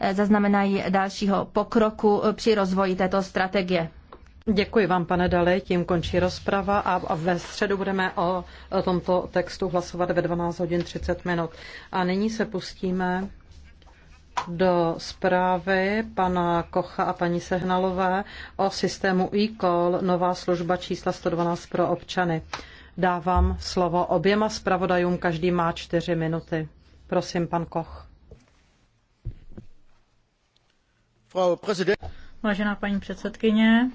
Eh, zaznamenají dalšího pokroku eh, při rozvoji této strategie. Děkuji vám, pane Dali, tím končí rozprava a ve středu budeme o tomto textu hlasovat ve 12 hodin 30 minut. A nyní se pustíme do zprávy pana Kocha a paní Sehnalové o systému e-call, nová služba čísla 112 pro občany. Dávám slovo oběma zpravodajům, každý má čtyři minuty. Prosím, pan Koch. Vážená paní předsedkyně,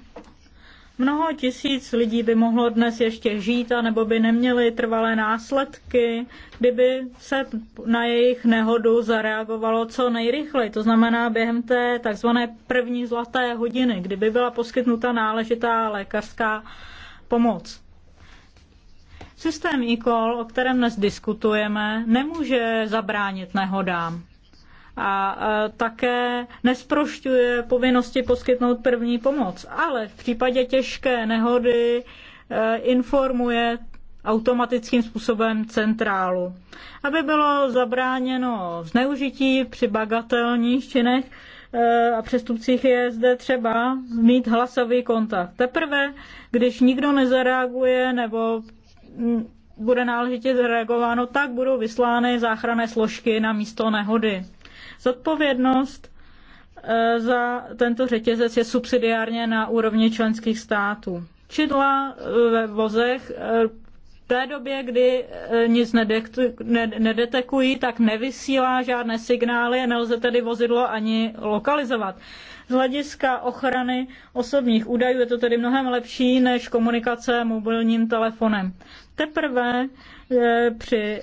mnoho tisíc lidí by mohlo dnes ještě žít, anebo by neměli trvalé následky, kdyby se na jejich nehodu zareagovalo co nejrychleji, to znamená během té takzvané první zlaté hodiny, kdyby byla poskytnuta náležitá lékařská pomoc. Systém e o kterém dnes diskutujeme, nemůže zabránit nehodám a e, také nesprošťuje povinnosti poskytnout první pomoc. Ale v případě těžké nehody e, informuje automatickým způsobem centrálu. Aby bylo zabráněno zneužití při bagatelních činech e, a přestupcích je zde třeba mít hlasový kontakt. Teprve, když nikdo nezareaguje nebo mm, bude náležitě zareagováno, tak budou vyslány záchranné složky na místo nehody. Zodpovědnost e, za tento řetězec je subsidiárně na úrovni členských států. Čidla e, ve vozech e, v té době, kdy nic nedetekují, tak nevysílá žádné signály a nelze tedy vozidlo ani lokalizovat. Z hlediska ochrany osobních údajů je to tedy mnohem lepší než komunikace mobilním telefonem. Teprve při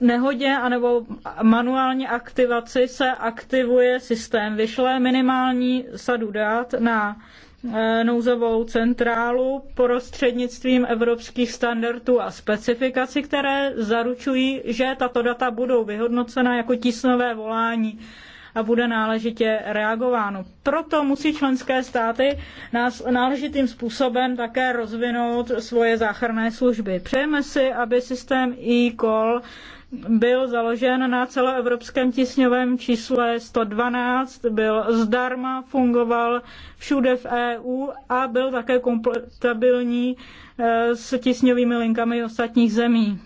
nehodě anebo manuální aktivaci se aktivuje systém. Vyšle minimální sadu dát na e, nouzovou centrálu prostřednictvím evropských standardů a specifikací, které zaručují, že tato data budou vyhodnocena jako tisnové volání a bude náležitě reagováno. Proto musí členské státy nás náležitým způsobem také rozvinout svoje záchranné služby. Přejeme si, aby systém e-call byl založen na celoevropském tisňovém čísle 112, byl zdarma, fungoval všude v EU a byl také kompatibilní e, s tisňovými linkami ostatních zemí.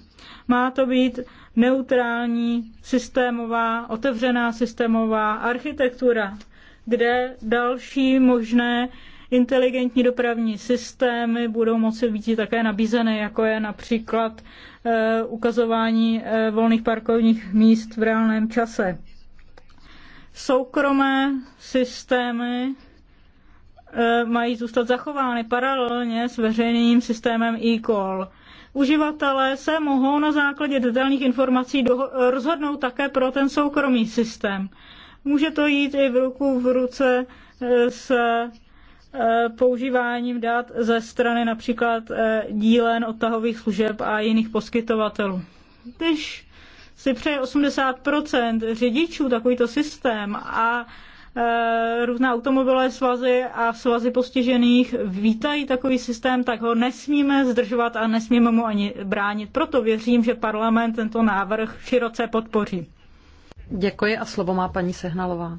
Má to být neutrální, systémová, otevřená systémová architektura, kde další možné Inteligentní dopravní systémy budou moci být také nabízeny, jako je například eh, ukazování eh, volných parkovních míst v reálném čase. Soukromé systémy eh, mají zůstat zachovány paralelně s veřejným systémem e-call. Uživatelé se mohou na základě detailních informací rozhodnout také pro ten soukromý systém. Může to jít i v ruku v ruce s Eh, používáním dat ze strany například eh, dílen odtahových služeb a jiných poskytovatelů. Když si přeje 80% řidičů takovýto systém a eh, různá automobilové svazy a svazy postižených vítají takový systém, tak ho nesmíme zdržovat a nesmíme mu ani bránit. Proto věřím, že parlament tento návrh široce podpoří. Děkuji a slovo má paní Sehnalová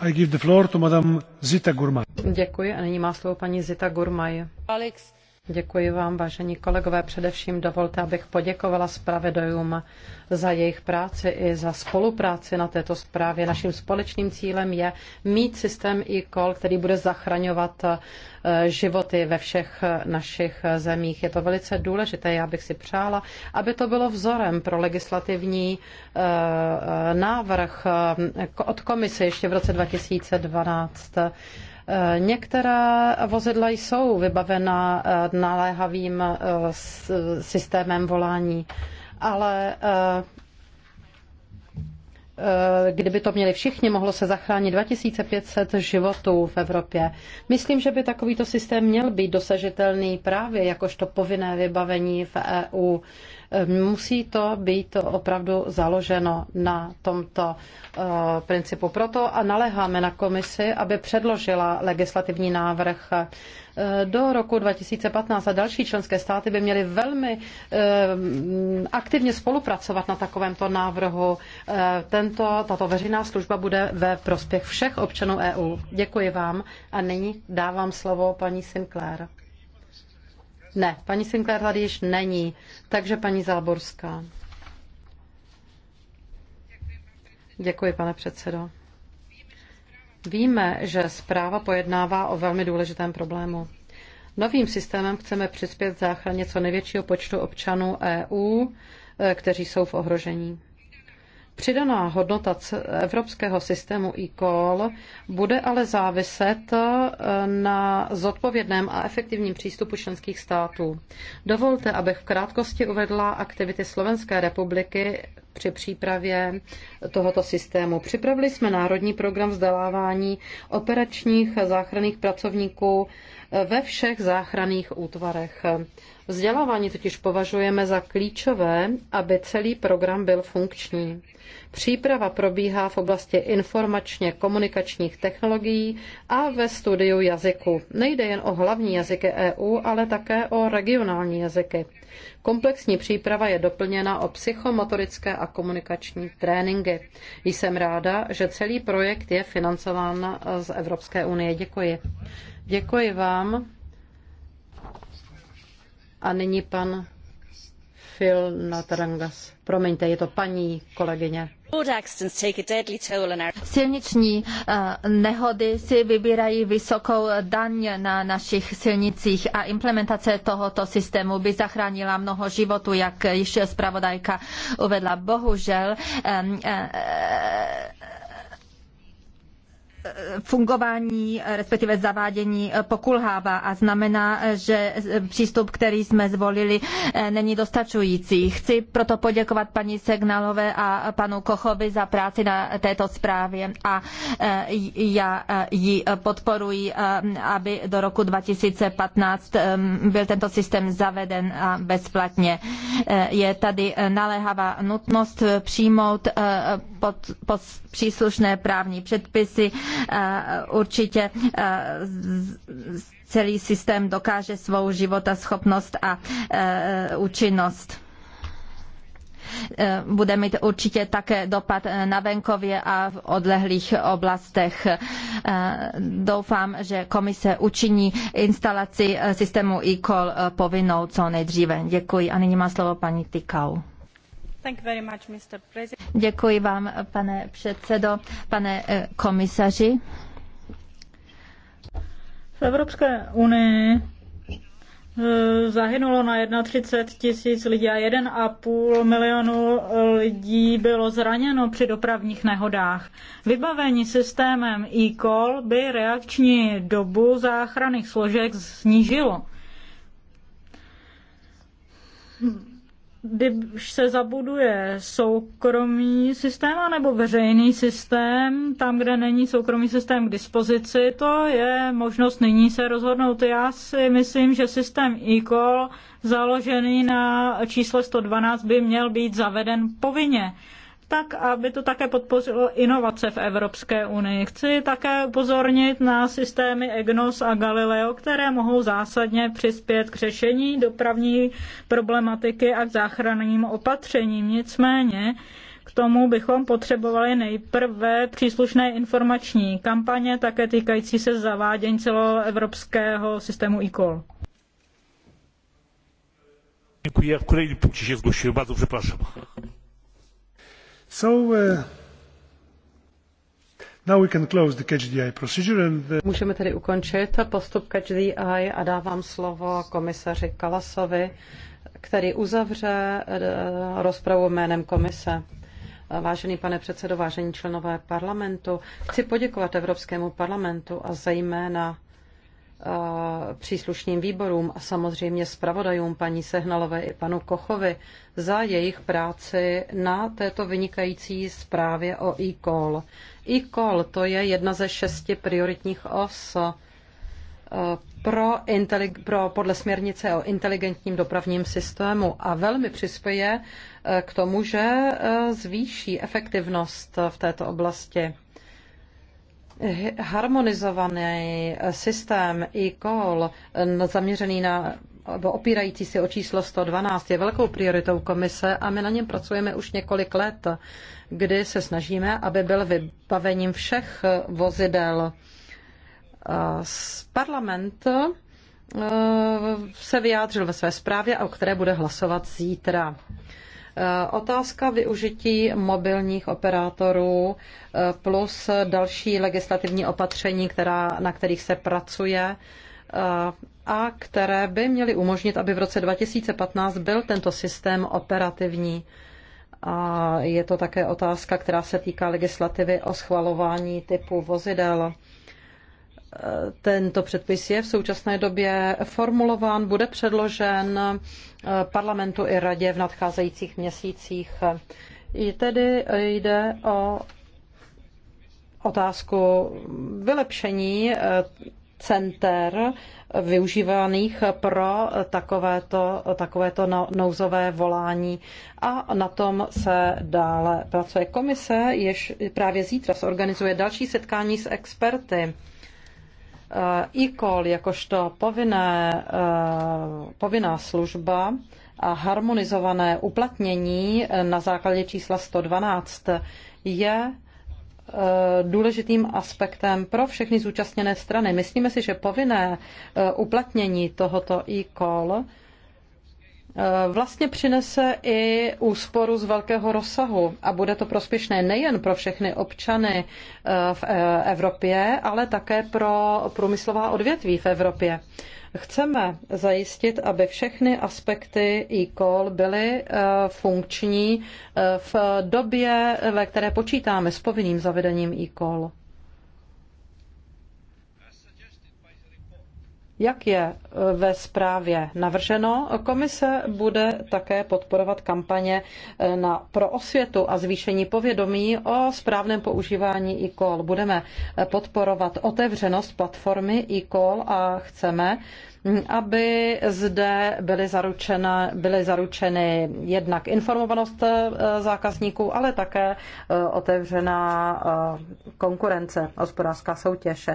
I give the floor to Madame Zita Gurmai. Děkuji a nyní má slovo paní Zita Gurmai. Alex Děkuji vám, vážení kolegové. Především dovolte, abych poděkovala zpravedojům za jejich práci i za spolupráci na této zprávě. Naším společným cílem je mít systém e-call, který bude zachraňovat eh, životy ve všech našich zemích. Je to velice důležité. Já bych si přála, aby to bylo vzorem pro legislativní eh, eh, návrh od komise ještě v roce 2012 Eh, Některé vozidla jsou vybavena eh, naléhavým eh, systémem volání, ale kdyby to měli všichni, mohlo se zachránit 2500 životů v Evropě. Myslím, že by takovýto systém měl být dosažitelný právě jakožto povinné vybavení v EU. Musí to být opravdu založeno na tomto eh, principu. Proto a naléháme na komisi, aby předložila legislativní návrh eh, do roku 2015 a další členské státy by měly velmi eh, aktivně spolupracovat na takovémto návrhu. Tento, tato veřejná služba bude ve prospěch všech občanů EU. Děkuji vám a nyní dávám slovo paní Sinclair. Ne, paní Sinclair tady již není, takže paní Záborská. Děkuji, pane předsedo. Víme, že zpráva pojednává o velmi důležitém problému. Novým systémem chceme přispět záchraně co největšího počtu občanů EU, e, kteří jsou v ohrožení. Přidaná hodnota evropského systému e-call bude ale záviset e, na zodpovědném a efektivním přístupu členských států. Dovolte, abych v krátkosti uvedla aktivity Slovenské republiky při přípravě tohoto systému. Připravili jsme národní program vzdělávání operačních záchranných pracovníků eh, ve všech záchranných útvarech. Vzdělávání totiž považujeme za klíčové, aby celý program byl funkční. Příprava probíhá v oblasti informačně komunikačních technologií a ve studiu jazyku. Nejde jen o hlavní jazyky EU, ale také o regionální jazyky. Komplexní příprava je doplněna o psychomotorické a komunikační tréninky. Jsem ráda, že celý projekt je financován eh, z Evropské unie. Děkuji. Děkuji vám. A nyní pan Phil Natarangas. Promiňte, je to paní kolegyně. Silniční eh, nehody si vybírají vysokou daň na našich silnicích a implementace tohoto systému by zachránila mnoho životů, jak již zpravodajka uvedla. Bohužel eh, fungování, respektive zavádění eh, pokulhává a znamená, že eh, přístup, který jsme zvolili, eh, není dostačující. Chci proto poděkovat paní Segnalové a panu Kochovi za práci na této zprávě a já ji podporuji, aby do roku 2015 byl tento systém zaveden a bezplatně. Je tady naléhavá nutnost přijmout pod, pod příslušné právní předpisy. Eh, určitě eh, celý systém dokáže svou životaschopnost a eh, účinnost bude mít určitě také dopad na venkově a v odlehlých oblastech. Doufám, že komise učiní instalaci systému e-call povinnou co nejdříve. Děkuji a nyní má slovo paní Tykau. Děkuji vám, pane předsedo, pane eh, komisaři. V Evropské unii eh, zahynulo na 31 tisíc lidí a 1,5 milionu lidí bylo zraněno při dopravních nehodách. Vybavení systémem e-call by reakční dobu záchranných složek snížilo když se zabuduje soukromý systém anebo veřejný systém, tam, kde není soukromý systém k dispozici, to je možnost nyní se rozhodnout. Já si myslím, že systém e-call založený na čísle 112 by měl být zaveden povinně tak aby to také podpořilo inovace v Evropské unii. Chci také upozornit na systémy EGNOS a Galileo, které mohou zásadně přispět k řešení dopravní problematiky a k záchranným opatřením. Nicméně k tomu bychom potřebovali nejprve příslušné informační kampaně, také týkající se zavádění celoevropského systému e-call. Děkuji. V kolejném punkcie zgušil, Bardzo przepraszam. Uh, now we can close the catch the eye procedure and, uh, Můžeme tedy ukončit postup catch the eye a dávám slovo komisaři Kalasovi, který uzavře eh, rozpravu jménem komise. Vážený pane předsedo, vážení členové parlamentu, chci poděkovat Evropskému parlamentu a zejména příslušným výborům a samozřejmě zpravodajům paní Sehnalové i panu Kochovi za jejich práci na této vynikající zprávě o e-call. E-call to je jedna ze šesti prioritních os pro, pro podle směrnice o inteligentním dopravním systému a velmi přispěje e, k tomu, že e, zvýší efektivnost v této oblasti harmonizovaný systém e-call zaměřený na nebo opírající se o číslo 112 je velkou prioritou komise a my na něm pracujeme už několik let, kdy se snažíme, aby byl vybavením všech vozidel. Z parlament e, se vyjádřil ve své zprávě, o které bude hlasovat zítra. Eh, otázka využití mobilních operátorů eh, plus další legislativní opatření, která, na kterých se pracuje eh, a které by měly umožnit, aby v roce 2015 byl tento systém operativní. A je to také otázka, která se týká legislativy o schvalování typu vozidel. Tento předpis je v současné době formulován, bude předložen eh, parlamentu i radě v nadcházejících měsících. I tedy jde o otázku vylepšení eh, center využívaných pro takovéto, takovéto no, nouzové volání. A na tom se dále pracuje komise, jež právě zítra se organizuje další setkání s experty. Eh, e-call jakožto povinné, eh, povinná služba a harmonizované uplatnění eh, na základě čísla 112 je důležitým aspektem pro všechny zúčastněné strany. Myslíme si, že povinné uplatnění tohoto e-call Eh, vlastně přinese i úsporu z velkého rozsahu a bude to prospěšné nejen pro všechny občany eh, v eh, Evropě, ale také pro průmyslová odvětví v Evropě. Chceme zajistit, aby všechny aspekty e-call byly funkční v době, ve které počítáme s povinným zavedením e-call. Jak je eh, ve zprávě navrženo, komise bude také podporovat kampaně eh, na, pro osvětu a zvýšení povědomí o správném používání e-call. Budeme eh, podporovat otevřenost platformy e-call a chceme, aby zde byly, zaručena, byly zaručeny jednak informovanost eh, zákazníků, ale také eh, otevřená eh, konkurence, hospodářská soutěž.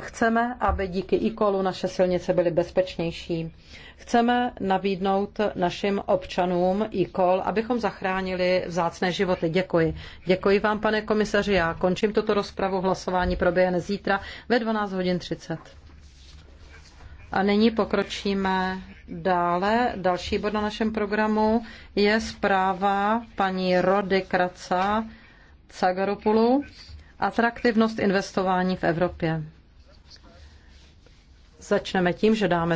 Chceme, aby díky e naše silnice byly bezpečnější. Chceme nabídnout našim občanům e abychom zachránili vzácné životy. Děkuji. Děkuji vám, pane komisaři. Já končím tuto rozpravu. Hlasování proběhne zítra ve 12 hodin 30. A nyní pokročíme dále. Další bod na našem programu je zpráva paní Rody Kraca Cagaropulu. Atraktivnost investování v Evropě. Začneme tím, že dáme